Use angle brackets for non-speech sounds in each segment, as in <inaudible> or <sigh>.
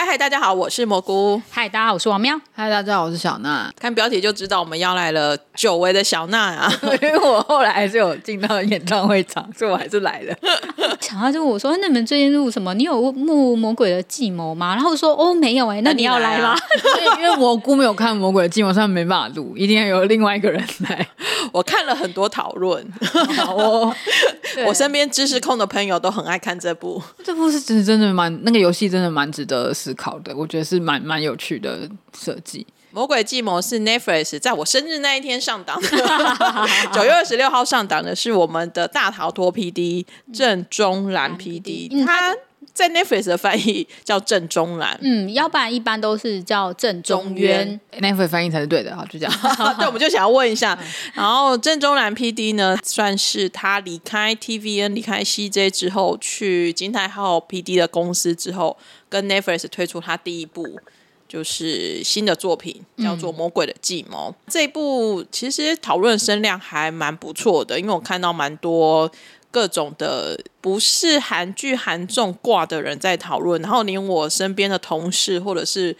嗨嗨，hi hi, 大家好，我是蘑菇。嗨，大家好，我是王喵。嗨，大家好，我是小娜。看標題就知道，我們要來了久違的小娜啊。 <laughs> 因為我後來還是有進到演唱會場，所以我還是來了。小娜 <laughs> <laughs> 就問我說：“那你們最近錄什麼？你有錄《魔鬼的計謀》嗎？”然後我說：“哦，沒有哎、欸，那你要來嗎？”來啊、 <laughs> 對，因為蘑菇沒有看《魔鬼的計謀》，所以沒辦法錄，一定要有另外一個人來。 <laughs> 我看了很多討論， <laughs> oh, 我我身邊知識控的朋友都很愛看這部。 <laughs> 這部是真的真的蠻那個遊戲，真的蠻、那個，值得的。思考的，我覺得是蠻蠻有趣的設計。魔鬼計謀是 Netflix，在我生日那一天上檔，九 <laughs> <laughs> 月二十六號上檔的是我們的大逃脫 PD 鄭鐘然 PD，、嗯、他在 Netflix 的翻譯叫鄭鐘然，嗯，要不然一般都是叫鄭鐘淵，Netflix 翻譯才是對的，好就這樣。 <laughs> <laughs> 對，我們就想要問一下，然後鄭鐘然 PD 呢，算是他離開 TVN、離開 CJ 之後，去金泰浩 PD 的公司之後。跟 Netflix 推出他第一部就是新的作品，叫做《魔鬼的計謀》，嗯、這一部，其實討論聲量還蠻不錯的，因為我看到蠻多各種的不是韓劇韓綜掛的人在討論，然後連我身邊的同事或者是。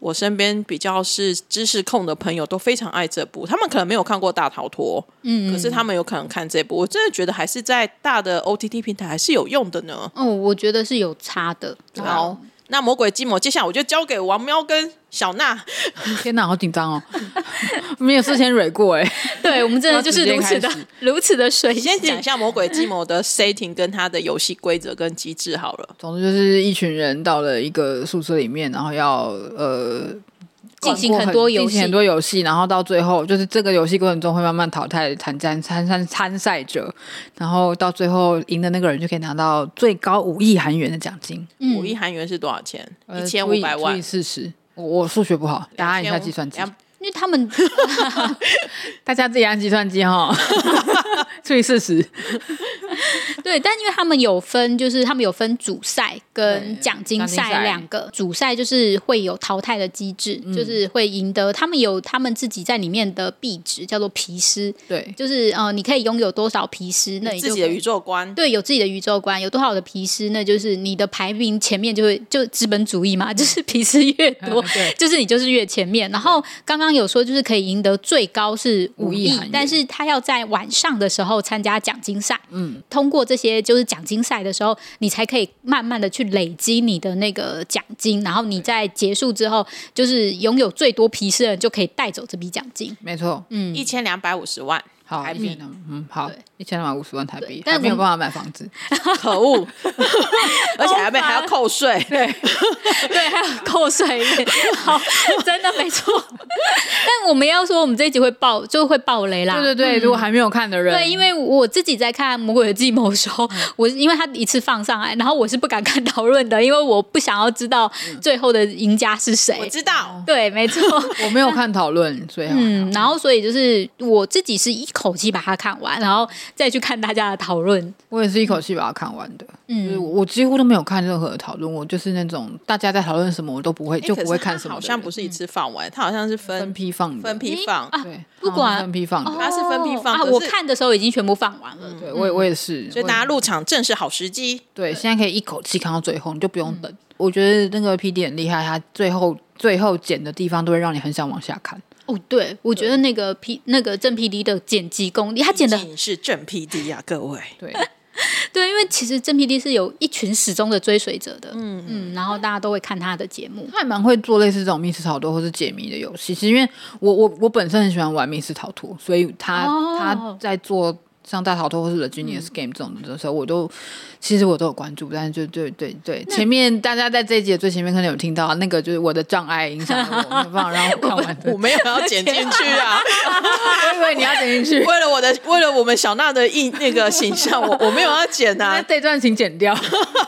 我身邊比較是知識控的朋友都非常愛這部，他們可能沒有看過《大逃脫》，嗯，嗯，可是他們有可能看這部。我真的覺得還是在大的 OTT 平台還是有用的呢。嗯、哦，我覺得是有差的。吧好。那魔鬼計謀，接下來我就交給王喵跟小娜。天哪，好緊張哦！ <laughs> <laughs> 沒有事先蕊過哎、欸，對，我們真的就是如此的如此的水。先講一下魔鬼計謀的 setting 跟他的遊戲規則跟機制好了。總之就是一群人到了一個宿舍裡面，然後要呃。進行很多很多遊戲，遊戲，然後到最後就是這個遊戲過程中會慢慢淘汰參戰參參,參賽者，然後到最後贏的那個人就可以拿到最高五億韓元的獎金。嗯，五億韓元是多少錢？一千五百萬。除以四十，我數學不好，答，一下計算機。因為他們 <laughs> 大家自己按計算機哈，除以事實。對，但因為他們有分，就是他們有分主賽跟獎金賽兩個。個主賽就是會有淘汰的機制，嗯、就是會贏得他們有他們自己在裡面的幣值，叫做皮斯。對，就是呃，你可以擁有多少皮斯，那你自己的宇宙觀。對，有自己的宇宙觀，有多少的皮斯，那就是你的排名前面就會就資本主義嘛，就是皮斯越多， <laughs> 對就是你就是越前面。然後剛剛。剛有說就是可以贏得最高是五億韓元，但是他要在晚上的時候參加獎金賽，嗯，通過這些就是獎金賽的時候，你才可以慢慢的去累積你的那個獎金，然後你在結束之後，對就是擁有最多皮斯的人就可以帶走這筆獎金，沒錯，嗯，一千兩百五十萬。台幣呢？嗯，好，一千二百五十萬台幣，但沒有辦法買房子，可惡，而且還被，還要扣稅，對，對，還要扣稅，好，真的沒錯。但我們要說，我們這一集會爆，就會爆雷啦。對對對，如果還沒有看的人，對，因為我自己在看《魔鬼的計謀》的時候，我是因為他一次放上來，然後我是不敢看討論的，因為我不想要知道最後的贏家是誰。我知道，對，沒錯，我沒有看討論，所以嗯，然後所以就是我自己是一，一口氣把它看完，然後再去看大家的討論。我也是一口氣把它看完的，嗯，我幾乎都沒有看任何的討論。我就是那種大家在討論什麼，我都不會就不會看。什麼好像不是一次放完，它好像是分批放。分批放，對，不管分批放，它是分批放。我看的時候已經全部放完了。對，我也我也是。所以大家入場正是好時機。對，現在可以一口氣看到最後，你就不用等。我覺得那個 PD 很厲害，他最後最後剪的地方都會讓你很想往下看。哦，對，我覺得那個 P 對那個鄭 P D 的剪輯功力，他剪的。是鄭 P D 啊，各位。對 <laughs> 對，因為其實鄭 P D 是有一群始終的追隨者的，嗯嗯，然後大家都會看他的節目。他還蠻會做類似這種密室逃脫或是解謎的遊戲，是因為我我我本身很喜歡玩密室逃脫，所以他、哦、他在做。像大逃脫或是 The Genius Game 這種的時候，嗯、我都其實我都有關注，但是就對對對，嗯、前面大家在這一集的最前面可能有聽到那個，就是我的障礙影響了我，放然後看完我沒有要剪進去啊， <laughs> <laughs> 我以為你要剪進去， <laughs> 為了我的為了我們小娜的一那個形象，我我沒有要剪啊，這段請剪掉。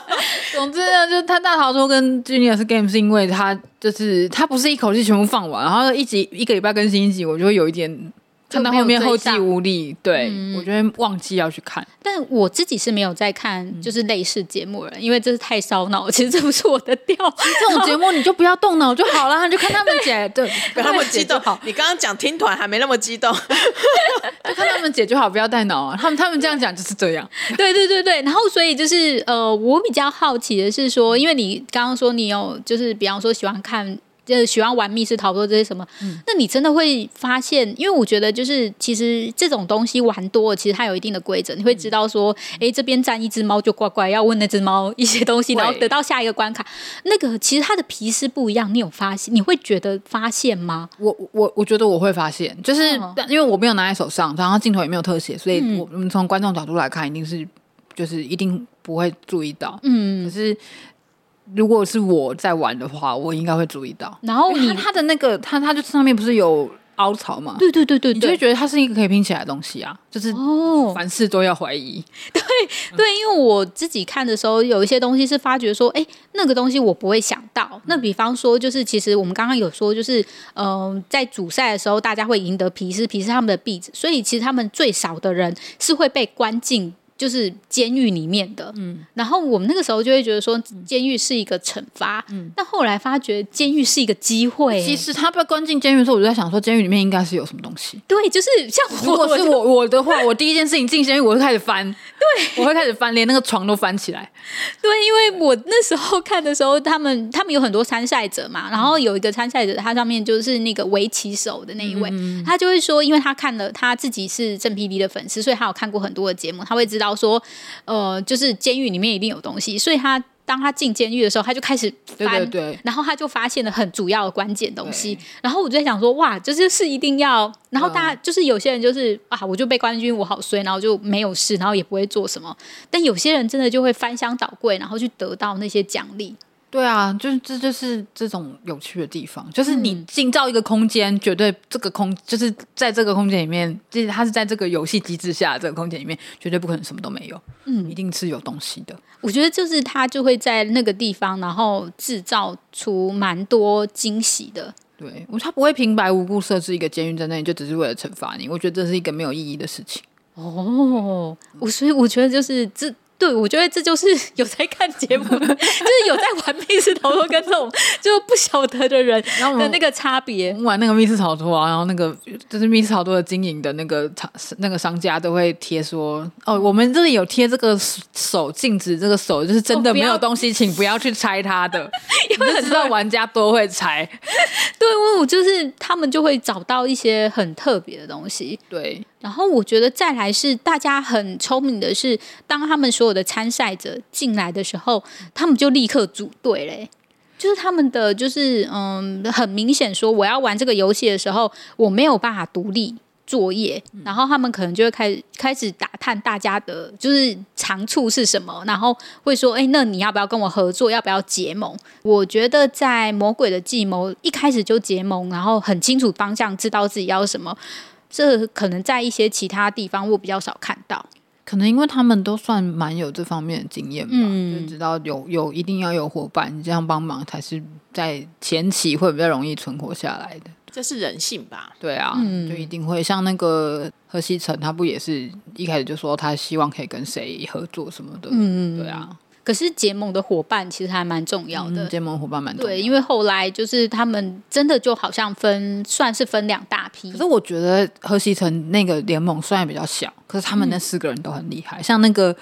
<laughs> 總之呢，就他大逃脫跟 Genius Game 是因為他就是他不是一口氣全部放完，然後一集一個禮拜更新一集，我就會有一點。看到後面後繼無力，嗯、對，我覺得忘記要去看。但我自己是沒有在看，就是類似節目了，嗯、因為這是太燒腦，其實這不是我的調。這種節目你就不要動腦就好了， <laughs> 對就看他們解，對，不要那麼激動。姐姐好，你剛剛講聽團還沒那麼激動， <laughs> <laughs> 就看他們解就好，不要帶腦啊。他們他們這樣講就是這樣。 <laughs> 對對對對，然後所以就是呃，我比較好奇的是說，因為你剛剛說你有就是比方說喜歡看。呃，喜歡玩密室逃脫這些什麼？嗯，那你真的會發現？因為我覺得，就是其實這種東西玩多了，其實它有一定的規則，你會知道說，哎、嗯，這邊站一隻貓就乖乖，要問那隻貓一些東西，嗯、然後得到下一個關卡。嗯、那個其實它的皮是不一樣，你有發現？你會覺得發現嗎？我我我覺得我會發現，就是、嗯、因為我沒有拿在手上，然後鏡頭也沒有特寫，所以我們、嗯、從觀眾角度來看，一定是就是一定不會注意到。嗯，可是。如果是我在玩的話，我應該會注意到。然後你他的那個，他他就上面不是有凹槽嗎？對對對對，對，所以覺得它是一個可以拼起來的東西啊。哦、就是哦，凡事都要懷疑。對對，因為我自己看的時候，有一些東西是發覺說，哎、嗯，那個東西我不會想到。那比方說，就是其實我們剛剛有說，就是嗯、呃，在主賽的時候，大家會贏得皮斯皮斯他們的幣子，所以其實他們最少的人是會被關進，就是監獄裡面的，嗯，然後我們那個時候就會覺得說，監獄是一個懲罰，嗯，但後來發覺，監獄是一個機會、欸。其實他被關進監獄的時候，我就在想說，監獄裡面應該是有什麼東西。對，就是像，如果是我我，就我的話，我第一件事情進監獄，我會開始翻， <laughs> 對，我會開始翻，連那個床都翻起來。對，因為我那時候看的時候，他們他們有很多參賽者嘛，然後有一個參賽者，他上面就是那個圍棋手的那一位，嗯嗯，他就會說，因為他看了他自己是鄭 PD 的粉絲，所以他有看過很多的節目，他會知道。說，呃，就是監獄裡面一定有東西，所以他當他進監獄的時候，他就開始翻，對對對，然後他就發現了很主要的關鍵東西。對然後我就在想說，哇，這就是、是一定要。然後大家、啊、就是有些人就是啊，我就被關進，我好衰，然後就沒有事，然後也不會做什麼。但有些人真的就會翻箱倒櫃，然後去得到那些獎勵。對啊，就是這就是這種有趣的地方，就是你建造一個空間，嗯、絕對這個空就是在這個空間裡面，就是它是在這個遊戲機制下，這個空間裡面絕對不可能什麼都沒有，嗯，一定是有東西的。我覺得就是他就會在那個地方，然後製造出蠻多驚喜的。對，他不會平白無故設置一個監獄在那裡，就只是為了懲罰你。我覺得這是一個沒有意義的事情。哦，我、嗯、所以我覺得就是這。對，我覺得這就是有在看節目， <laughs> 就是有在玩密室逃脫，跟這種就不曉得的人的那個差別。玩那個密室逃脫啊，然後那個就是密室逃脫的經營的那個商那個商家都會貼說：“哦，我們這裡有貼這個手鏡子，這個手就是真的沒有東西，請不要去拆它的，因為你知道玩家多會拆。”對，我就是他們就會找到一些很特別的東西。對。然後我覺得再來是大家很聰明的是，當他們所有的參賽者進來的時候，他們就立刻組隊嘞，就是他們的就是嗯，很明顯說我要玩這個遊戲的時候，我沒有辦法獨立作業，然後他們可能就會開始開始打探大家的，就是長處是什麼，然後會說，哎，那你要不要跟我合作？要不要結盟？我覺得在《魔鬼的計謀》一開始就結盟，然後很清楚方向，知道自己要什麼。這可能在一些其他地方我比較少看到，可能因為他們都算蠻有這方面的經驗吧，嗯、就知道有有一定要有夥伴這樣幫忙，才是在前期會比較容易存活下來的。這是人性吧？對啊，嗯、就一定會像那個河錫辰，他不也是一開始就說他希望可以跟誰合作什麼的？嗯、對啊。可是結盟的夥伴其實還蠻重要的，嗯、結盟夥伴蠻多。對，因為後來就是他們真的就好像分，算是分兩大批。可是我覺得何西城那個聯盟雖然比較小，可是他們那四個人都很厲害。嗯、像那個，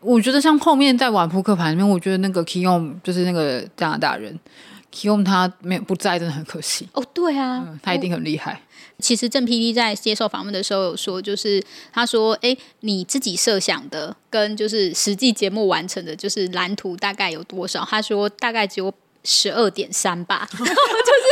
我覺得像後面在玩撲克牌裡面，我覺得那個 Kiyom 就是那個加拿大人 Kiyom，他沒有不在真的很可惜。哦，對啊，嗯、他一定很厲害。哦其實鄭 PD 在接受訪問的時候有說，就是他說：“誒，你自己設想的跟就是實際節目完成的，就是藍圖大概有多少？”他說：“大概只有。”十二點三吧，就是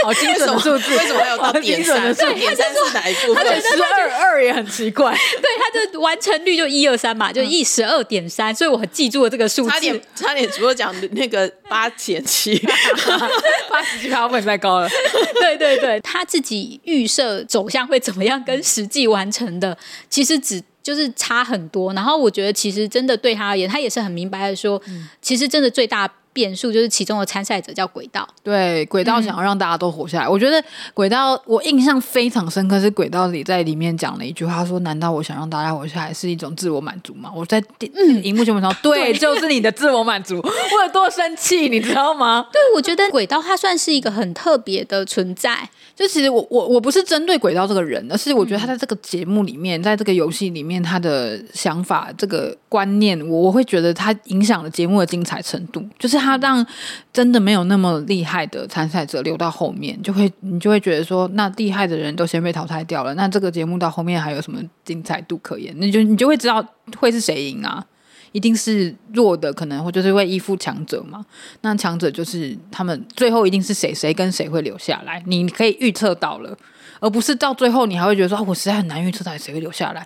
好精準的數字。為什麼還有到點三？點三是哪一步？他覺得十二二也很奇怪。對，他就完成率就一二三嘛，就一十二點三。所以我很記住了這個數字。差點，差點，除了講那個八減七，八十七他會不會太高了？對對對，他自己預設走向會怎麼樣，跟實際完成的其實只就是差很多。然後我覺得，其實真的對他而言，他也是很明白的說，其實真的最大，變數就是其中的參賽者叫軌道，對軌道想要讓大家都活下來。嗯、我覺得軌道，我印象非常深刻是軌道裡在裡面講了一句話說：“難道我想讓大家活下來是一種自我滿足嗎？”我在熒幕前面說、嗯、對，對就是你的自我滿足，我有多生氣，你知道嗎？對，我覺得軌道它算是一個很特別的存在。就其實我我我不是針對軌道這個人，而是我覺得他在這個節目裡面，嗯、在這個遊戲裡面，他的想法這個觀念，我我會覺得他影響了節目的精彩程度，就是。他讓真的沒有那麼厲害的參賽者留到後面，就會你就會覺得說，那厲害的人都先被淘汰掉了，那這個節目到後面還有什麼精彩度可言？那就你就會知道會是誰贏啊，一定是弱的，可能或就是會依附強者嘛。那強者就是他們最後一定是誰，誰跟誰會留下來，你可以預測到了，而不是到最後你還會覺得說，哦，我實在很難預測到誰會留下來。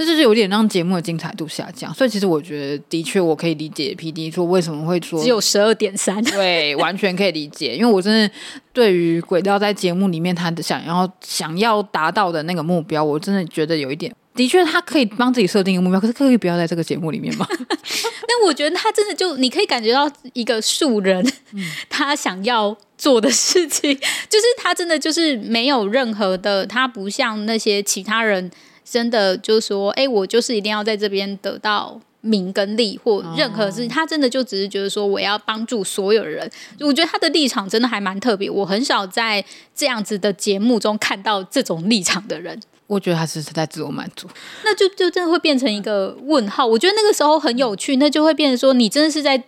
這就是有點讓節目的精彩度下降，所以其實我覺得，的確我可以理解 PD 說為什麼會說只有十二點三，對，完全可以理解。因為我真的對於軌道在節目裡面他的想要想要達到的那個目標，我真的覺得有一點，的確他可以幫自己設定一個目標，嗯、可是可以不要在這個節目裡面嘛？ <laughs> 但我覺得他真的就你可以感覺到一個素人，他想要做的事情，嗯、就是他真的就是沒有任何的，他不像那些其他人。真的就是說，哎、欸，我就是一定要在這邊得到名跟利，或任何事情。哦、他真的就只是覺得說，我要幫助所有人。我覺得他的立場真的還蠻特別，我很少在這樣子的節目中看到這種立場的人。我覺得他是在自我滿足，那就就真的會變成一個問號。我覺得那個時候很有趣，那就會變成說，你真的是在。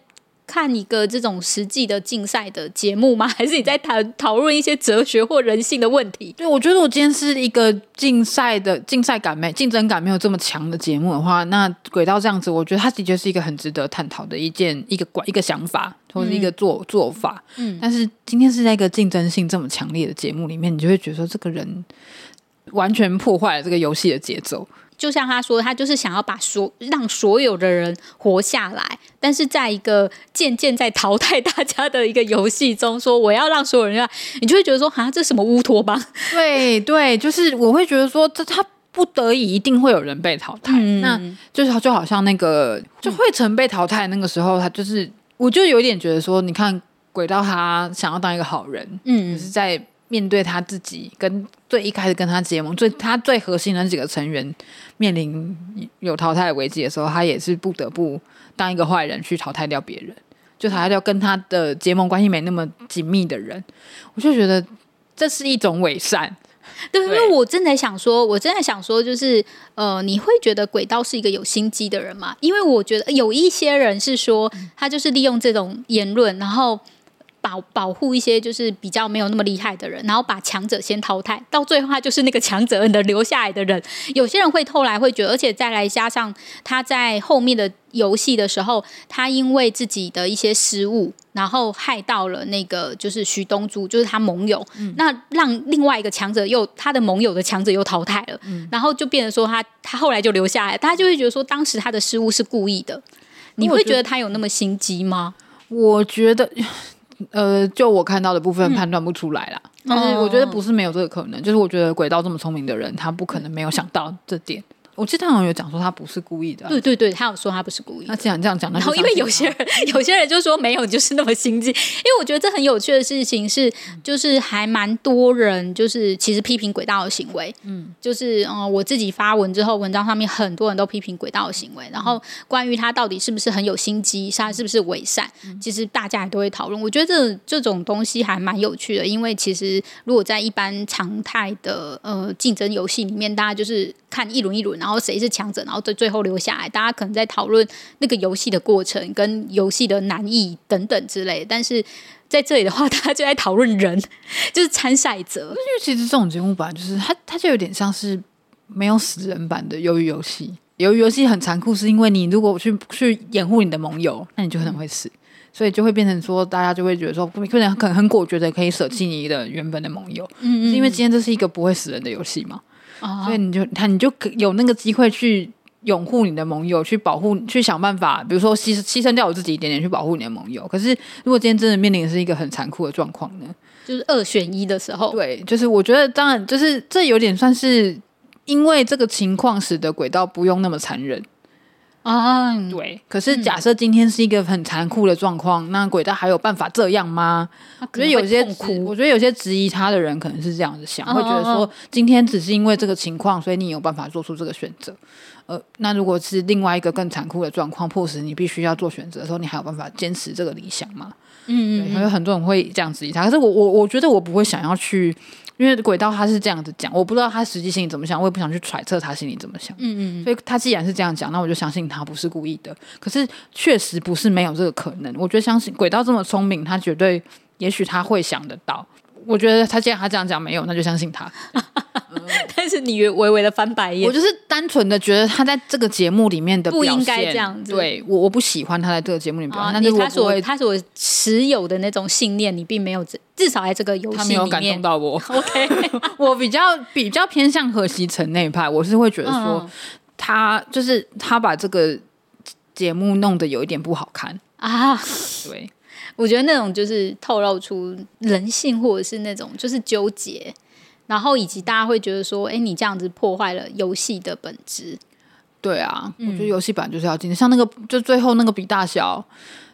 看一個這種實際的競賽的節目嗎？還是你在談討論一些哲學或人性的問題？對，我覺得我今天是一個競賽的競賽感沒競爭感沒有這麼強的節目的話，那軌道這樣子，我覺得它其實是一個很值得探討的一件一個管一個想法或者一個做、嗯、做法。嗯，但是今天是在一個競爭性這麼強烈的節目裡面，你就會覺得說這個人完全破壞了這個遊戲的節奏。就像他說，他就是想要把所讓所有的人活下來，但是在一個漸漸在淘汰大家的一個遊戲中，說我要讓所有人，你就會覺得說，啊，這是什麼烏托邦？對對，就是我會覺得說，他他不得已一定會有人被淘汰。嗯，那就是就好像那個就惠成被淘汰那個時候，嗯，他就是我就有點覺得說，你看軌道他想要當一個好人，嗯，是在。面對他自己跟最一開始跟他結盟最他最核心的幾個成員面臨有淘汰危機的時候，他也是不得不當一個壞人去淘汰掉別人，就淘汰掉跟他的結盟關係沒那麼緊密的人。我就覺得這是一種偽善，對，對。因為我真的想說，我真的想說，就是呃，你會覺得軌道是一個有心機的人嗎？因為我覺得有一些人是說他就是利用這種言論，然後。保保護一些就是比較沒有那麼厲害的人，然後把強者先淘汰，到最後他就是那個強者，能留下來的人， <laughs> 有些人會後來會覺得，而且再來加上他在後面的遊戲的時候，他因為自己的一些失誤，然後害到了那個就是徐東珠，就是他盟友，嗯、那讓另外一個強者又他的盟友的強者又淘汰了，嗯、然後就變得說他他後來就留下來，他就會覺得說當時他的失誤是故意的，你會覺得他有那麼心機嗎、嗯？我覺得。呃，就我看到的部分判斷不出來啦，嗯、但是我覺得不是沒有這個可能，哦、就是我覺得軌道這麼聰明的人，他不可能沒有想到這點。我記得他有有講說他不是故意的，啊，對對對，他有說他不是故意。他這樣這樣講，啊、然後因為有些人有些人就說沒有，就是那麼心機。因為我覺得這很有趣的事情是，就是還蠻多人就是其實批評軌道的行為，嗯，就是嗯、呃、我自己發文之後，文章上面很多人都批評軌道的行為。嗯、然後關於他到底是不是很有心機，他是不是偽善，其實大家也都會討論。嗯、我覺得這這種東西還蠻有趣的，因為其實如果在一般常態的呃競爭遊戲裡面，大家就是看一輪一輪，啊。然後誰是強者？然後最最後留下來，大家可能在討論那個遊戲的過程跟遊戲的難易等等之類。但是在這裡的話，大家就在討論人，就是參賽者。因為其實這種節目本來就是它，它就有點像是沒有死人版的魷《魷魚遊戲》。《魷魚遊戲》很殘酷，是因為你如果去去掩護你的盟友，那你就可能會死。所以就會變成說，大家就會覺得說，可能很果決的可以捨棄你的原本的盟友，嗯嗯，是因為今天這是一個不會死人的遊戲嘛？啊，所以你就他，你就有那個機會去擁護你的盟友，去保護，去想辦法，比如說犧犧牲掉我自己一點點去保護你的盟友。可是如果今天真的面臨的是一個很殘酷的狀況呢？就是二選一的時候，對，就是我覺得當然，就是這有點算是因為這個情況使得軌道不用那麼殘忍。啊，嗯、對。可是假設今天是一個很殘酷的狀況，嗯、那鬼道還有辦法這樣嗎？所以有些，苦制，我覺得有些質疑他的人可能是這樣子想，哦哦哦會覺得說今天只是因為這個情況，所以你有辦法做出這個選擇。呃，那如果是另外一個更殘酷的狀況，迫使你必須要做選擇的時候，你還有辦法堅持這個理想嗎？嗯，嗯嗯。所以很多人會這樣質疑他。可是我我我覺得我不會想要去。因為軌道他是這樣子講，我不知道他實際心裡怎麼想，我也不想去揣測他心裡怎麼想。嗯嗯，所以他既然是這樣講，那我就相信他不是故意的。可是確實不是沒有這個可能。我覺得相信軌道這麼聰明，他絕對，也許他會想得到。我覺得他既然他這樣講，沒有，那就相信他。 <laughs> <laughs> 但是你微微的翻白眼，我就是單純的覺得他在這個節目裡面的表現不應該這樣子對。對我，我不喜歡他在這個節目裡面表現、啊。你他是他是我他所持有的那種信念，你並沒有至少在這個遊戲裡面他沒有感動到我。 <laughs> <laughs> 我比較比較偏向河西城那一派，我是會覺得說他、嗯、就是他把這個節目弄得有一點不好看啊。對，我覺得那種就是透露出人性，或者是那種就是糾結。然後以及大家會覺得說，哎，你這樣子破壞了遊戲的本質。對啊，嗯，我覺得遊戲本來就是要進，像那個，就最後那個比大小，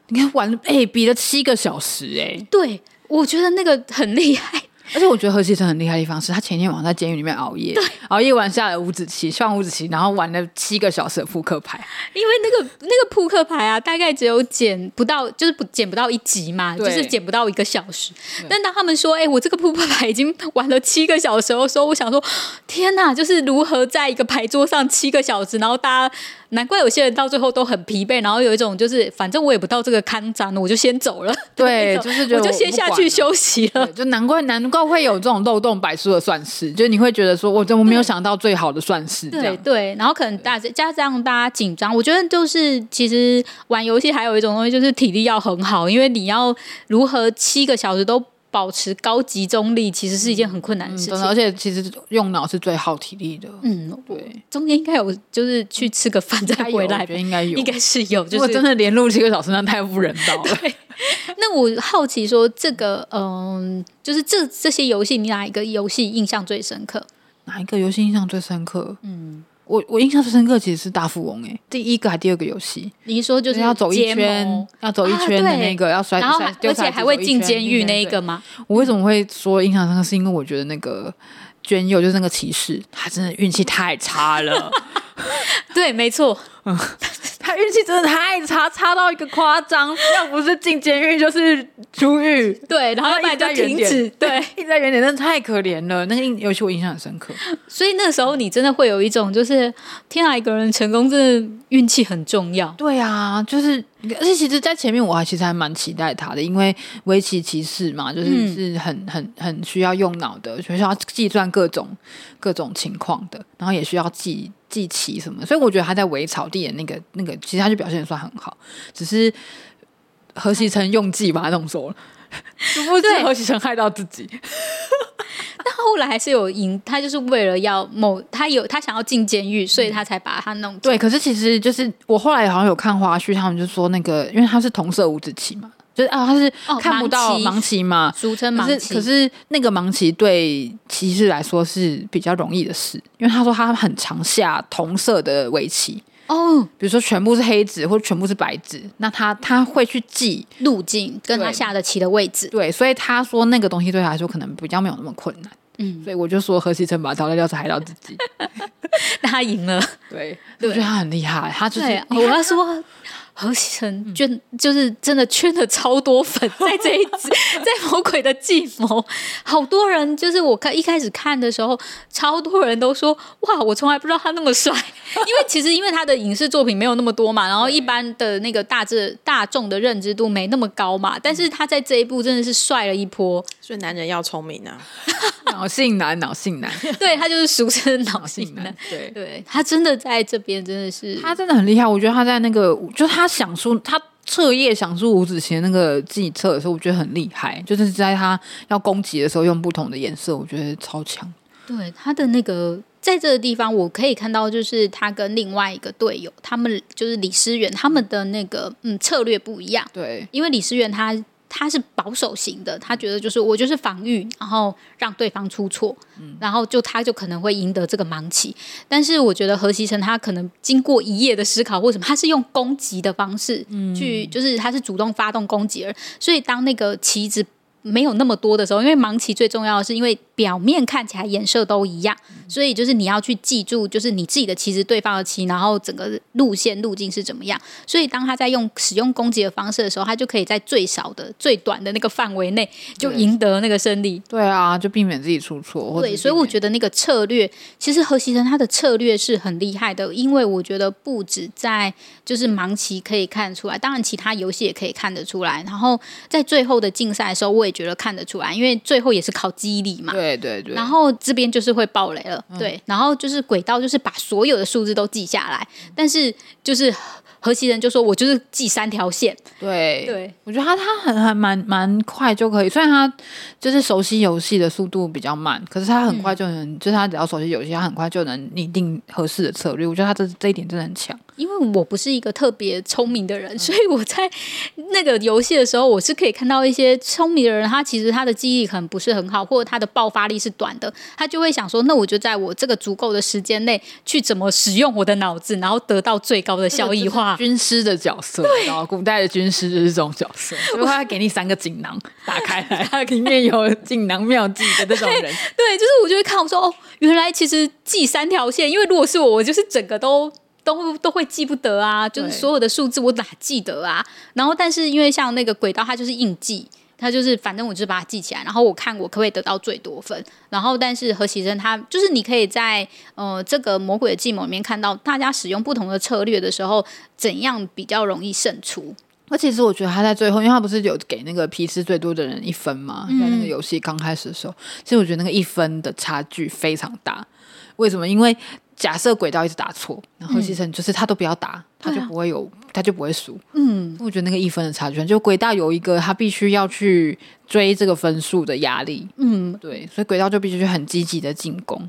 你看玩，哎，比了七個小時誒，哎，對我覺得那個很厲害。而且我覺得何其誠很厲害的地方是他前天晚上在監獄裡面熬夜，對熬夜玩下了五子棋，下五子棋，然後玩了七個小時的撲克牌。因為那個那個撲克牌啊，大概只有剪不到，就是不剪不到一集嘛，對就是剪不到一個小時。對但當他們說：“哎、欸，我這個撲克牌已經玩了七個小時。”的時候，我想說：“天哪！”就是如何在一個牌桌上七個小時，然後大家。難怪有些人到最後都很疲憊，然後有一種就是，反正我也不到這個勘站了，我就先走了。對，就是覺得我,我就先下去休息了。就難怪難怪會有這種漏洞百出的算式，對就你會覺得說，我我沒有想到最好的算式。對樣對,對，然後可能大家對加上大家緊張，我覺得就是其實玩遊戲還有一種東西就是體力要很好，因為你要如何七個小時都。保持高集中力其實是一件很困難的事情，嗯嗯、而且其實用腦是最耗體力的。嗯，對，中間應該有就是去吃個飯再回來，我覺得應該有，應該是有。就是、如果真的連錄七個小時，那太不人道了。 <laughs> 那我好奇說，這個嗯、呃，就是這這些遊戲，你哪一個遊戲印象最深刻？哪一個遊戲印象最深刻？嗯。我我印象最深刻其實是大富翁。哎、欸，第一個還第二個遊戲？你一說就是要走一圈，盟要走一圈的那個、啊、要摔摔下彩而且還會進監獄那一個嗎？我為什麼會說印象深刻？是因為我覺得那個娟佑就是那個棋士，他真的運氣太差了。 <laughs> 對，沒錯， <laughs> 他運氣真的太。.差到一個誇張，要不是進監獄就是出獄。 <laughs> 對，然後後家停止。對， <laughs> 對 <laughs> 一直在原點真的太可憐了。那個尤其，我印象很深刻，所以那時候你真的會有一種就是天啊，一個人成功真的運氣很重要。對啊，就是。而且其實，在前面我還其實還蠻期待他的，因為圍棋棋士嘛，就是是很很很需要用腦的，需要計算各種各種情況的，然後也需要記記棋什麼的，所以我覺得他在圍草地的那個那個，其實他就表現也算很好，只是何其成用計把他弄走了，是不是何其成害到自己？ <laughs> <laughs> 但後來還是有贏，他就是為了要某，他有他想要進監獄，所以他才把他弄、嗯。對，可是其實就是我後來好像有看花絮，他們就說那個，因為他是同色五子棋嘛，就是啊、哦，他是看不到盲棋嘛，哦、嘛俗稱盲棋。可是可是那個盲棋對棋士來說是比較容易的事，因為他說他很常下同色的圍棋。哦，比如說全部是黑子或者全部是白子，那他他會去記路徑跟他下的棋的位置。對，對，所以他說那個東西對他來說可能比較沒有那麼困難。嗯，所以我就說河錫辰把淘汰掉是害到自己， <laughs> 他贏了。對，我對覺得他很厲害，他就是。啊、我要說。 <laughs> 何其成，圈、嗯、就是真的圈了超多粉，在這一集在《魔鬼的計謀》，好多人就是我看一開始看的時候，超多人都說：“哇，我從來不知道他那麼帥。”因為其實因為他的影視作品沒有那麼多嘛，然後一般的那個大致大眾的認知度沒那麼高嘛。但是他在這一部真的是帥了一波，所以男人要聰明啊，腦性男，腦性男， <laughs> 對他就是俗稱的腦性男，腦性男，對，對，他真的在這邊真的是他真的很厲害，我覺得他在那個就他。想出他徹夜想出五子棋的那個計策的時候，我覺得很厲害。就是在他要攻擊的時候用不同的顏色，我覺得超強。對，他的那個在這個地方，我可以看到，就是他跟另外一個隊友，他們就是李思源，他們的那個嗯策略不一樣。對，因為李思源他。他是保守型的，他覺得就是我就是防禦，然後讓對方出錯，嗯、然後就他就可能會贏得這個盲棋。但是我覺得河錫辰他可能經過一夜的思考，為什麼他是用攻擊的方式去，嗯、就是他是主動發動攻擊，而所以當那個棋子沒有那麼多的時候，因為盲棋最重要的是因為。表面看起來顏色都一樣，所以就是你要去記住，就是你自己的棋子，對方的棋，然後整個路線路徑是怎麼樣。所以當他在用使用攻擊的方式的時候，他就可以在最少的、最短的那個範圍內就贏得那個勝利對。對啊，就避免自己出錯。對，所以我覺得那個策略其實河錫辰他的策略是很厲害的，因為我覺得不止在就是盲棋可以看得出來，當然其他遊戲也可以看得出來。然後在最後的競賽的時候，我也覺得看得出來，因為最後也是靠記憶嘛。對對對，然後這邊就是會爆雷了，嗯、對，然後就是軌道就是把所有的數字都記下來，嗯、但是就是河錫辰就說，我就是記三條線，對對，對我覺得他他很還蠻蠻快就可以，雖然他就是熟悉遊戲的速度比較慢，可是他很快就能，嗯、就是他只要熟悉遊戲，他很快就能擬定合適的策略，我覺得他這這一點真的很強。因為我不是一個特別聰明的人，嗯、所以我在那個遊戲的時候，我是可以看到一些聰明的人，他其實他的記憶可能不是很好，或者他的爆發力是短的，他就會想說，那我就在我這個足夠的時間內，去怎麼使用我的腦子，然後得到最高的效益化。就是、軍師的角色，對然後古代的軍師就是這種角色，就是他給你三個錦囊，我打開來，它裡面有錦囊妙計的那種人對。對，就是我就會看，我說哦，原來其實記三條線，因為如果是我，我就是整個都。都會都會記不得啊，就是所有的數字我哪記得啊？對然後，但是因為像那個軌道，它就是硬記，它就是反正我就把它記起來。然後我看我可不可以得到最多分。然後，但是何其珍他就是你可以在呃這個魔鬼的計謀裡面看到大家使用不同的策略的時候，怎樣比較容易勝出。而且是我覺得他在最後，因為他不是有給那個皮斯最多的人一分嘛，嗯、在那個遊戲剛開始的時候，其實我覺得那個一分的差距非常大。為什麼？因為假設軌道一直打錯，然後其實就是他都不要打，他就不會有，嗯、他就不會輸。會嗯，我覺得那個一分的差距，就軌道有一個他必須要去追這個分數的壓力。嗯，對，所以軌道就必須去很積極的進攻。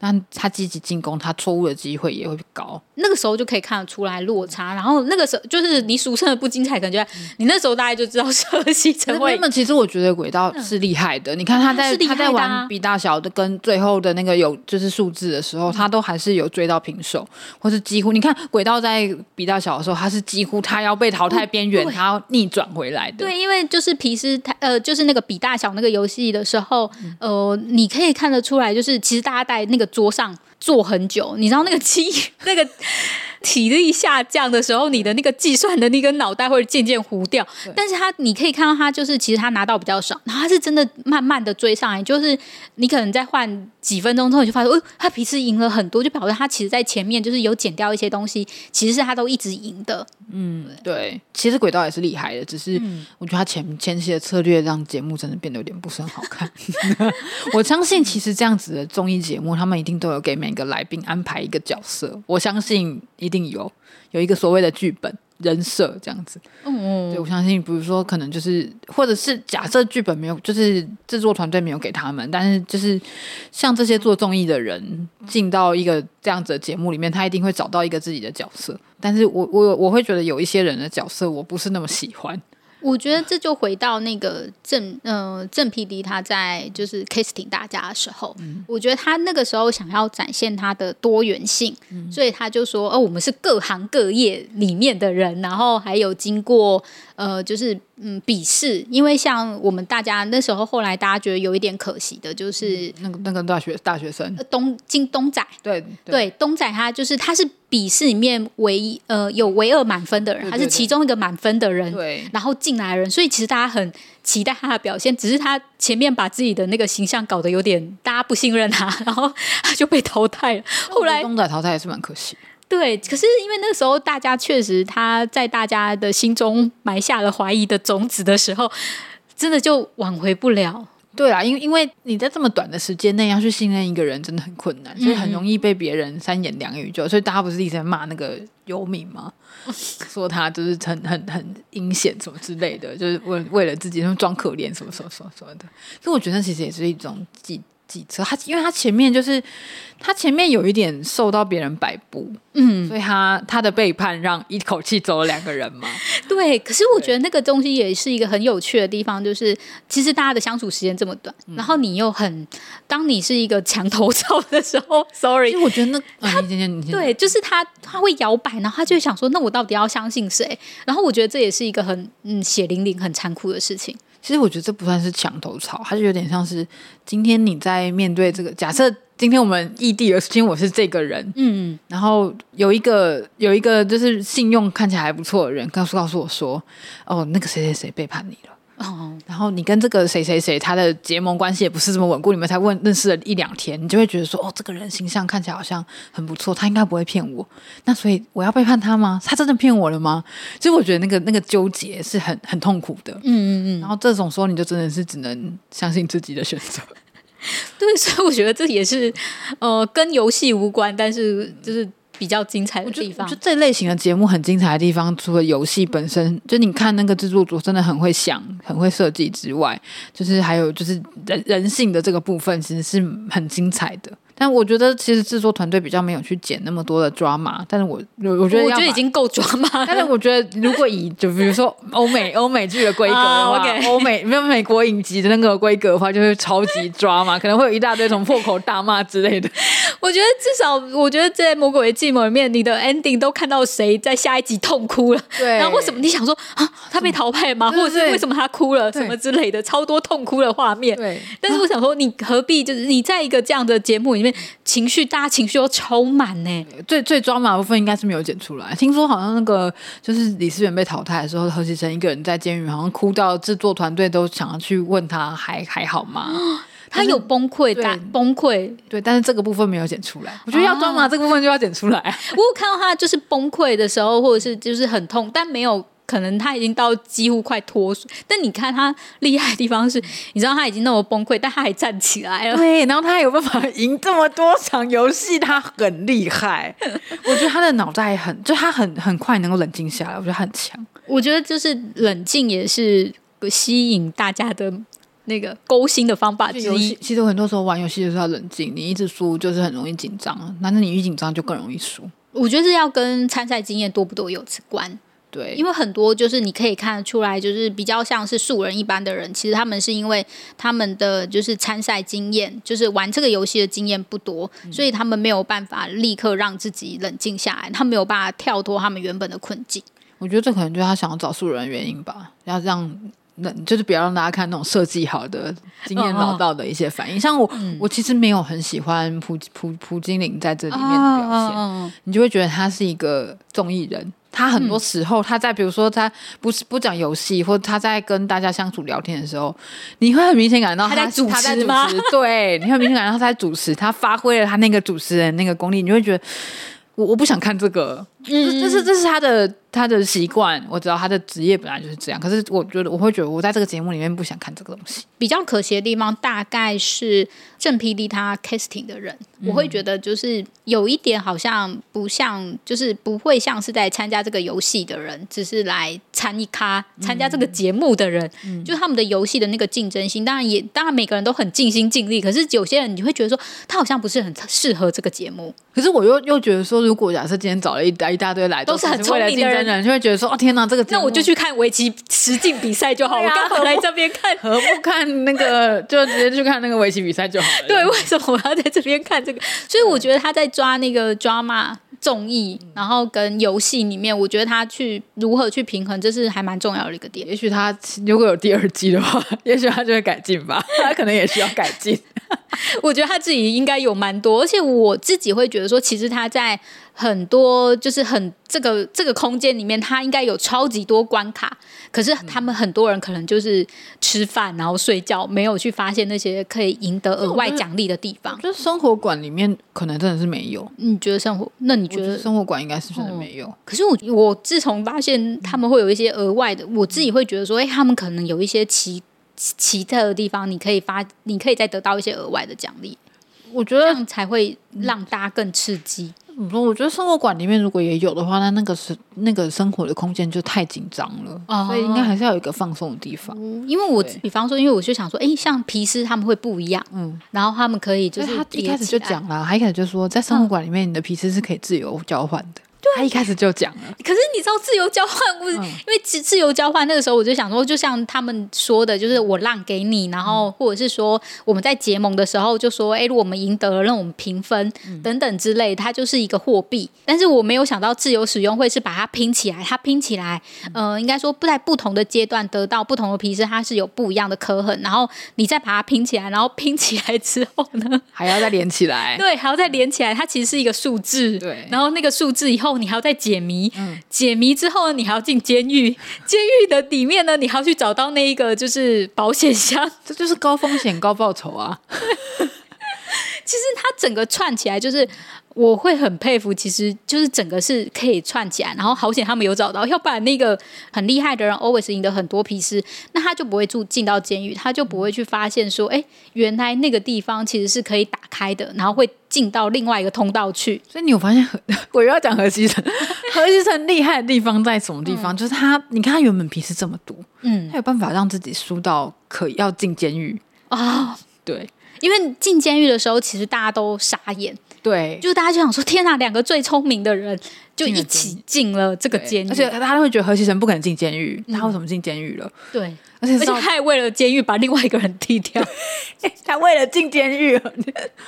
那他積極進攻，他錯誤的機會也會高。那個時候就可以看得出來落差。嗯、然後那個時候就是你俗稱的不精彩。感覺、嗯、你那時候大家就知道誰是成為。那麼其實我覺得軌道是厲害的。嗯、你看他在、啊、他在玩比大小的跟最後的那個有就是數字的時候，嗯、他都還是有追到平手，或是幾乎。你看軌道在比大小的時候，他是幾乎他要被淘汰邊緣，嗯、他要逆轉回來的。對，因為就是皮斯他呃，就是那個比大小那個遊戲的時候，呃，你可以看得出來，就是其實大家帶那個。桌上。做很久，你知道那個記憶，那個體力下降的時候， <laughs> 你的那個計算的那個腦袋會漸漸糊掉。對但是他你可以看到他就是其實他拿到比較少，然後他是真的慢慢的追上來，就是你可能再換幾分鐘之後，你就發現哦，他其實贏了很多，就表示他其實，在前面就是有減掉一些東西，其實是他都一直贏的。嗯，對，對其實軌道也是厲害的，只是我覺得他前前期的策略讓節目真的變得有點不是很好看。 <laughs> <laughs> 我相信其實這樣子的綜藝節目，他們一定都有給每。一個來賓安排一個角色，我相信一定有有一個所謂的劇本人設這樣子。嗯嗯，我相信，比如說可能就是或者是假設劇本沒有，就是制作團隊沒有給他們，但是就是像這些做綜藝的人進到一個這樣子的節目裡面，他一定會找到一個自己的角色。但是我我我會覺得有一些人的角色我不是那麼喜歡。我覺得這就回到那個鄭，呃，鄭 P D 他在就是 casting 大家的時候，嗯、我覺得他那個時候想要展現他的多元性，嗯、所以他就說哦、呃、我們是各行各業裡面的人，然後還有經過呃就是嗯筆試，因為像我們大家那時候後來大家覺得有一點可惜的就是、嗯、那個那個大學大學生東金東仔對對，對，東仔他就是他是。筆試裡面唯一呃有唯二滿分的人，還是其中一個滿分的人，對對對，然後進來的人，所以其實大家很期待他的表現，只是他前面把自己的那個形象搞得有點大家不信任他，然後他就被淘汰了。後來東仔淘汰也是蠻可惜。對，可是因為那時候大家確實他在大家的心中埋下了懷疑的種子的時候，真的就挽回不了。對啊，因因為你在這麼短的時間內要去信任一個人，真的很困難，嗯、所以很容易被別人三言兩語就。所以大家不是一直在罵那個游民嗎？ <laughs> 說他就是很很很陰險什麼之類的，就是為為了自己，然後裝可憐什麼，什麼什麼什麼的。所以我覺得那其實也是一種他因為他前面就是他前面有一點受到別人擺布，嗯，所以他他的背叛讓一口氣走了兩個人嘛。 <laughs> 對，可是我覺得那個東西也是一個很有趣的地方，對就是其實大家的相處時間這麼短，嗯、然後你又很當你是一個牆頭草的時候、嗯、，sorry。我覺得那、啊、對，先就是他他會搖擺，然後他就想說，那我到底要相信誰？然後我覺得這也是一個很嗯血淋淋、很殘酷的事情。其實我覺得這不算是牆頭草，它就有點像是今天你在面對這個假設，今天我們異地，而今天今天我是這個人，嗯嗯，然後有一個有一個就是信用看起來還不錯的人，告訴告訴我說，哦，那個誰誰誰背叛你了。哦，然後你跟這個誰誰誰他的結盟關係也不是這麼穩固，你們才問認識了一兩天，你就會覺得說，哦，這個人形象看起來好像很不錯，他應該不會騙我，那所以我要背叛他嗎？他真的騙我了嗎？所以我覺得那個那個糾結是很很痛苦的，嗯嗯嗯。嗯嗯，然後這種時候你就真的是只能相信自己的選擇。對，所以我覺得這也是呃跟遊戲無關，但是就是。比較精彩的地方，就這類型的節目很精彩的地方，除了遊戲本身，就你看那個製作組真的很會想、很會設計之外，就是還有就是人人性的這個部分，其實是很精彩的。但我覺得其實製作團隊比較沒有去剪那麼多的抓馬，但是我我覺得我覺得已經夠抓馬了，但是我覺得如果以，就比如說歐美歐 <laughs> 美劇的規格我給歐美沒有美國影集的那個規格的話，就是超級抓馬，可能會有一大堆什麼破口大罵之類的。我覺得至少我覺得在《魔鬼的計謀》裡面，你的 ending 都看到誰在下一集痛哭了，對。然後為什麼你想說啊，他被淘汰嗎？對對對，或者是為什麼他哭了什麼之類的，對超多痛哭的畫面。對。但是我想說，你何必就是你在一個這樣的節目裡面。情緒，大家情緒都超滿呢。最最抓馬的部分應該是沒有剪出來。聽說好像那個就是李思源被淘汰的時候，何其成一個人在監獄，好像哭到製作團隊都想要去問他還還好嗎？哦、他有崩潰，就是、對崩潰潰，對。但是這個部分沒有剪出來，我覺得要抓馬這個部分就要剪出來。哦、 <laughs> 我看到他就是崩潰的時候，或者是就是很痛，但沒有。可能他已經到幾乎快脫水，但你看他厲害的地方是，你知道他已經那麼崩潰，但他還站起來了。對，然後他還有辦法贏這麼多場遊戲，他很厲害。 <laughs> 我覺得他的腦袋很，就他很很快能夠冷靜下來，我覺得很強。我覺得就是冷靜也是吸引大家的那個勾心的方法之一。其實很多時候玩遊戲的時候要冷靜，你一直輸就是很容易緊張，難道你一緊張就更容易輸？我覺得是要跟參賽經驗多不多有關對，因為很多就是你可以看得出來，就是比較像是素人一般的人，其實他們是因為他們的就是參賽經驗，就是玩這個遊戲的經驗不多，嗯、所以他們沒有辦法立刻讓自己冷靜下來，他沒有辦法跳脫他們原本的困境。我覺得這可能就是他想要找素人的原因吧，要讓那就是不要讓大家看那種設計好的經驗老道的一些反應。像我，嗯、我其實沒有很喜歡普普普金玲在這裡面的表現，你就會覺得他是一個綜藝人。他很多時候，他在、嗯、比如說，他不是不講遊戲，或者他在跟大家相處聊天的時候，你會很明顯感到他在主持，他在主持。對，你會明顯感到他在主持，他發揮了他那個主持人那個功力，你會覺得我我不想看這個。嗯、這是這是他的他的習慣，我知道他的職業本來就是這樣。可是我覺得我會覺得我在這個節目裡面不想看這個東西。比較可惜的地方大概是鄭 PD 他 casting 的人，嗯、我會覺得就是有一點好像不像，就是不會像是在參加這個遊戲的人，只是來參一咖參加這個節目的人，嗯、就他們的遊戲的那個競爭性。當然也當然每個人都很盡心盡力，可是有些人你會覺得說他好像不是很適合這個節目。可是我又又覺得說，如果假設今天找了一堆。一大堆來，都是很聰明的人，的人就會覺得說：“哦天哪，這個……那我就去看圍棋實境比賽就好了， <laughs> 啊、我剛好來這邊看，何不看那個， <laughs> 就直接去看那個圍棋比賽就好了？”對，為什麼我要在這邊看這個？所以我覺得他在抓那個 drama <laughs> 綜藝然後跟遊戲裡面，我覺得他去如何去平衡，這是還蠻重要的一個點。也許他如果有第二季的話，也許他就會改進吧，他可能也需要改進。 <laughs> 我覺得他自己應該有蠻多，而且我自己會覺得說，其實他在很多就是很這個這個空間裡面，他應該有超級多關卡。可是他們很多人可能就是吃飯然後睡覺，沒有去發現那些可以贏得額外獎勵的地方。就是、嗯、生活館裡面可能真的是沒有。你覺得生活？那你覺得，覺得生活館應該是真的沒有？嗯、可是我我自從發現他們會有一些額外的，我自己會覺得說，哎、欸，他們可能有一些奇。奇特的地方，你可以發，你可以再得到一些額外的獎勵。我覺得這樣才會讓大家更刺激。我覺得生活館裡面如果也有的話，那那個是那個生活的空間就太緊張了。啊、所以應該還是要有一個放鬆的地方。因為我比方說，對因為我就想說，誒、欸，像皮絲他們會不一樣，嗯，然後他們可以就是以他一開始就講了，還可能就說在生活館裡面，你的皮絲是可以自由交換的。嗯他一開始就講了，可是你知道自由交換，嗯、因為自自由交換那個時候，我就想說，就像他們說的，就是我讓給你，然後或者是說我們在結盟的時候，就說，哎，如果我們贏得了，讓我們平分等等之類。它就是一個貨幣，但是我沒有想到自由使用會是把它拼起來，它拼起來，呃，應該說不在不同的階段得到不同的皮質，它是有不一樣的刻痕，然後你再把它拼起來，然後拼起來之後呢，還要再連起來，對，還要再連起來，它其實是一個數字，對，然後那個數字以後。你還要再解謎，嗯、解謎之後呢，你還要進監獄，監獄的裡面呢，你還要去找到那一個就是保險箱， <laughs> 這就是高風險高報酬啊。 <laughs> 其實它整個串起來就是。我會很佩服，其實就是整個是可以串起來，然後好險他們有找到，要不然那個很厲害的人 always 贏得很多皮斯，那他就不會住進到監獄，他就不會去發現說，哎，原來那個地方其實是可以打開的，然後會進到另外一個通道去。所以你有發現，我又要講何西城， <laughs> 何西城厲害的地方在什麼地方？嗯、就是他，你看他原本皮斯這麼多，嗯，他有辦法讓自己輸到可以要進監獄啊？哦、對，因為進監獄的時候，其實大家都傻眼。對，就大家就想說，天哪，兩個最聰明的人。就一起進了這個監獄，而且他會覺得河錫辰不可能進監獄，那他為什麼進監獄了？對，而且，而且他也為了監獄把另外一個人踢掉，他為了進監獄。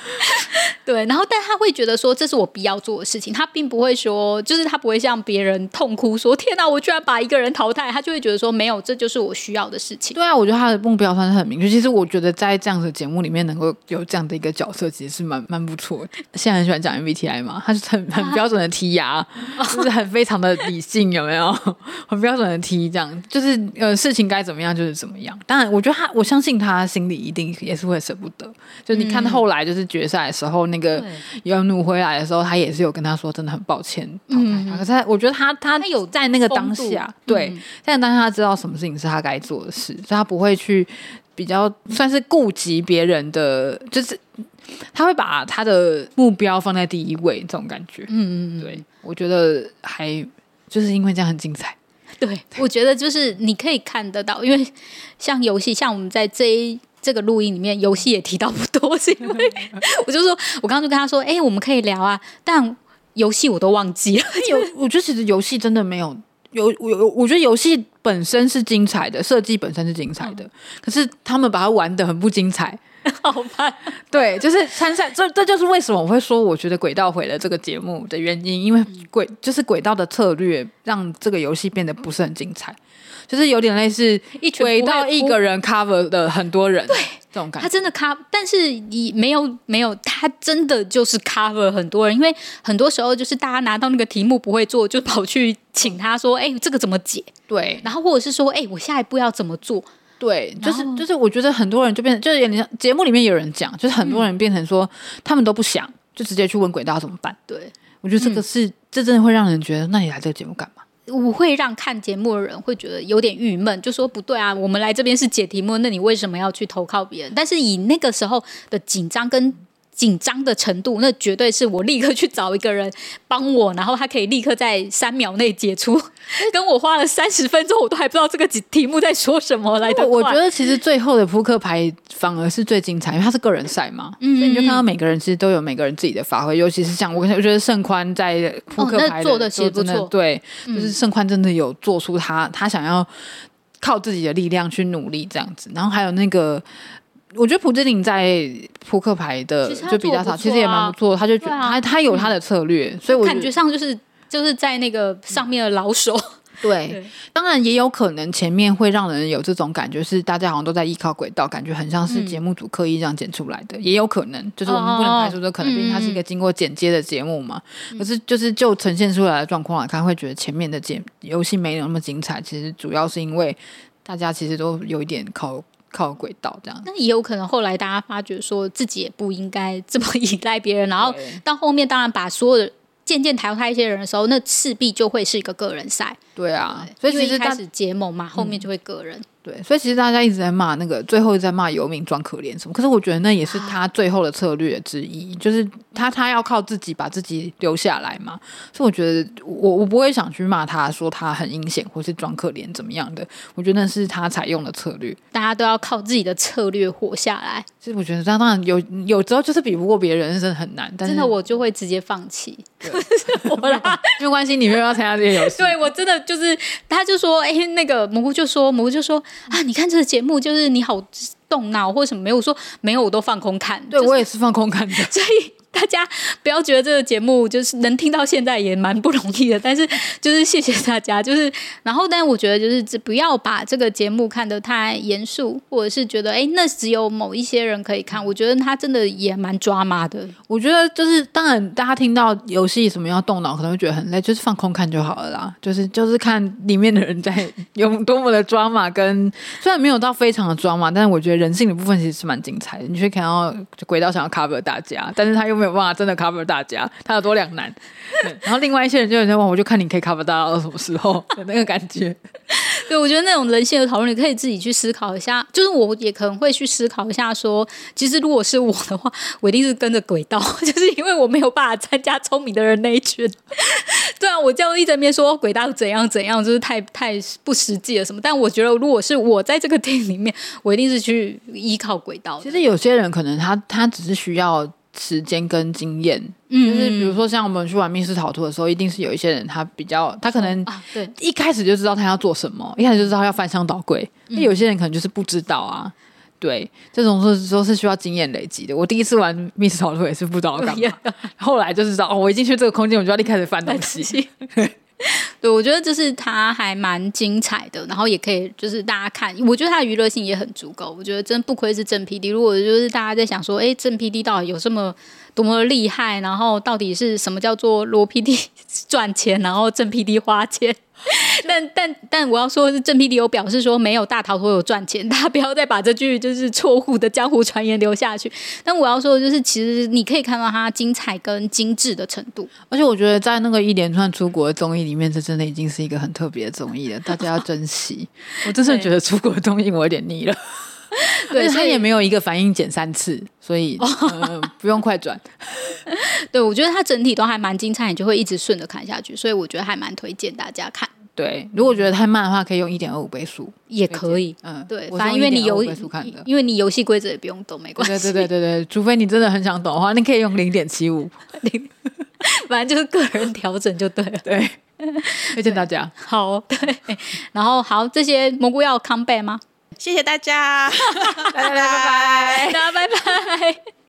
<laughs> 對，然後但他會覺得說，這是我必要做的事情，他並不會說，就是他不會向別人痛哭說天哪、啊，我居然把一個人淘汰，他就會覺得說沒有，這就是我需要的事情。對啊，我覺得他的目標算是很明確。其實我覺得在這樣子的節目裡面能夠有這樣的一個角色，其實是蠻蠻不錯。現在很喜歡講 MBTI 嘛，他是很、啊、很標準的 TI。 <laughs> 就是很非常的理性，有沒有？ <laughs> <laughs> 很標準的 T，這樣就是呃，事情該怎麼樣就是怎麼樣。當然，我覺得他，我相信他心裡一定也是會捨不得。就你看後來就是決賽的時候，那個要努、嗯、對回來的時候，他也是有跟他說，真的很抱歉淘汰他，可是他我覺得他、他，他有在那個當下，風度 對，在當下他知道什麼事情是他該做的事，所以他不會去比較，算是顧及別人的，就是他會把他的目標放在第一位，這種感覺。嗯嗯嗯，對。我覺得還就是因為這樣很精彩。對，對我覺得就是你可以看得到，因為像遊戲，像我們在這一這個錄音裡面，遊戲也提到不多，是因為 <laughs> 我就說，我剛剛就跟他說，哎、欸，我們可以聊啊，但遊戲我都忘記了。有，我覺得其實遊戲真的沒有我，我覺得遊戲本身是精彩的，設計本身是精彩的，嗯、可是他們把它玩得很不精彩。好嘛， <laughs> 對，就是參賽，這這就是為什麼我會說，我覺得軌道毀了這個節目的原因，因為軌就是軌道的策略讓這個遊戲變得不是很精彩，就是有點類似一軌道一個人 cover 的很多人，對，這種感覺。他真的 cover，但是你沒有沒有，他真的就是 cover 很多人，因為很多時候就是大家拿到那個題目不會做，就跑去請他說：“哎，這個怎麼解？”對，然後或者是說：“哎，我下一步要怎麼做？”對然後，就是，就是就是，我覺得很多人就變成，就是節目裡面有人講，就是很多人變成說，嗯、他們都不想，就直接去問軌道怎麼辦。對，我覺得這個是，嗯、這真的會讓人覺得，那你來這個節目幹嘛？我會讓看節目的人會覺得有點鬱悶，就說不對啊，我們來這邊是解題目，那你為什麼要去投靠別人？但是以那個時候的緊張跟。緊張的程度，那絕對是我立刻去找一個人幫我，然後他可以立刻在三秒內解出。 <laughs> 跟我花了三十分鐘，我都還不知道這個題目在說什麼來着。我我覺得其實最後的撲克牌反而是最精彩，因為他是個人賽嘛，嗯嗯。所以你就看到每個人其實都有每個人自己的發揮。尤其是像我，我覺得盛寬在撲克牌的、哦、做的不的錯對，就是盛寬真的有做出他他想要靠自己的力量去努力這樣子。然後還有那個。我覺得蒲志林在撲克牌的就比較少，其實，啊、其實也蠻不錯。他就覺得他、嗯、他有他的策略，所以我覺感覺上就是就是在那個上面的老手。對，對當然也有可能前面會讓人有這種感覺是，是大家好像都在依靠軌道，感覺很像是節目組刻意這樣剪出來的。嗯、也有可能就是我們不能排除這可能，畢竟它是一個經過剪接的節目嘛。嗯嗯，可是就是就呈現出來的狀況來看，會覺得前面的節遊戲沒有那麼精彩。其實主要是因為大家其實都有一點靠。靠軌道這樣，那也有可能後來大家發覺說自己也不應該這麼依賴別人，然後到後面當然把所有的漸漸淘汰一些人的時候，那勢必就會是一個個人賽。對啊，所以其實開始結盟嘛，嗯、後面就會個人。對，所以其實大家一直在罵那個，最後一直在罵遊民裝可憐什麼，可是我覺得那也是他最後的策略之一，啊、就是他他要靠自己把自己留下來嘛。所以我覺得我我不會想去罵他說他很陰險或是裝可憐怎麼樣的，我覺得那是他採用的策略。大家都要靠自己的策略活下來。其實我覺得這當然有，有時候就是比不過別人，真的很難。但是真的，我就會直接放棄，沒有關係，你沒有要參加這些遊戲。 <laughs> 對我真的就是，他就說：“哎、欸，那個蘑菇就說，蘑菇就說啊，你看這個節目就是你好動腦或者什麼沒有？說沒有，我都放空看。對、就是、我也是放空看的，所以。”大家不要覺得這個節目就是能聽到現在也蠻不容易的，但是就是謝謝大家。就是然後，但我覺得就是只不要把這個節目看得太嚴肅，或者是覺得哎，那只有某一些人可以看。我覺得他真的也蠻抓馬的。我覺得就是當然，大家聽到遊戲什麼要動腦，可能會覺得很累，就是放空看就好了啦。就是就是看裡面的人在有多麼的抓馬跟，跟雖然沒有到非常的抓馬，但是我覺得人性的部分其實是蠻精彩的。你去看到軌道想要 cover 大家，但是他又。沒有辦法真的 cover 大家，他有多兩難。 <laughs> 然後另外一些人就有些說：“我就看你可以 cover 大家到什麼時候的 <laughs> 那個感覺。對”對，我覺得那種人性的討論，你可以自己去思考一下。就是我也可能會去思考一下說，說其實如果是我的話，我一定是跟着軌道，就是因為我沒有辦法參加聰明的人那一群。對啊，我就一整面說軌道怎樣怎樣，就是太太不實際了什麼。但我覺得如果是我在這個電影裡面，我一定是去依靠軌道。其實有些人可能他他只是需要，時間跟經驗，嗯哼，就是比如說像我們去玩密室逃脫的時候，一定是有一些人他比較，他可能對一、嗯、哼一開始就知道他要做什麼，一開始就知道他要翻箱倒櫃，那、嗯、有些人可能就是不知道啊，對，這種是都是需要經驗累積的。我第一次玩密室逃脫也是不知道的，啊、後來就知道哦，我一進去這個空間，我就要立刻開始翻東西。 <laughs> 對，我覺得就是它還蠻精彩的，然後也可以就是大家看，我覺得它娛樂性也很足夠。我覺得真不愧是鄭 P D。如果就是大家在想說，誒鄭 P D 到底有這麼多麼厲害，然後到底是什麼叫做羅 P D 賺錢，然後鄭 P D 花錢。 <laughs> 但但但我要說的是，鄭 PD 有表示說沒有大逃脫有賺錢，大家不要再把這句就是錯誤的江湖傳言留下去。但我要說的就是，其實你可以看到它精彩跟精致的程度。而且我覺得在那個一連串出國的綜藝裡面，這真的已經是一個很特別的綜藝了，大家要珍惜。哦、我真的覺得出國的綜藝我有點膩了。對他 <laughs> 也沒有一個反應減三次，所以、哦呃、不用快轉。 <laughs> 對，我覺得它整體都還蠻精彩，你就會一直順着看下去，所以我覺得還蠻推薦大家看。對，如果覺得太慢的話，可以用一點二五倍速，也可以，嗯，對，反正因為你遊因為你遊戲規則也不用懂，沒關係，對對對對，除非你真的很想懂的話，你可以用零點七五，反正就是個人調整就對了。對，推薦大家，好，對，然後好，這些蘑菇要 come back 嗎？謝謝大家，拜拜拜拜拜。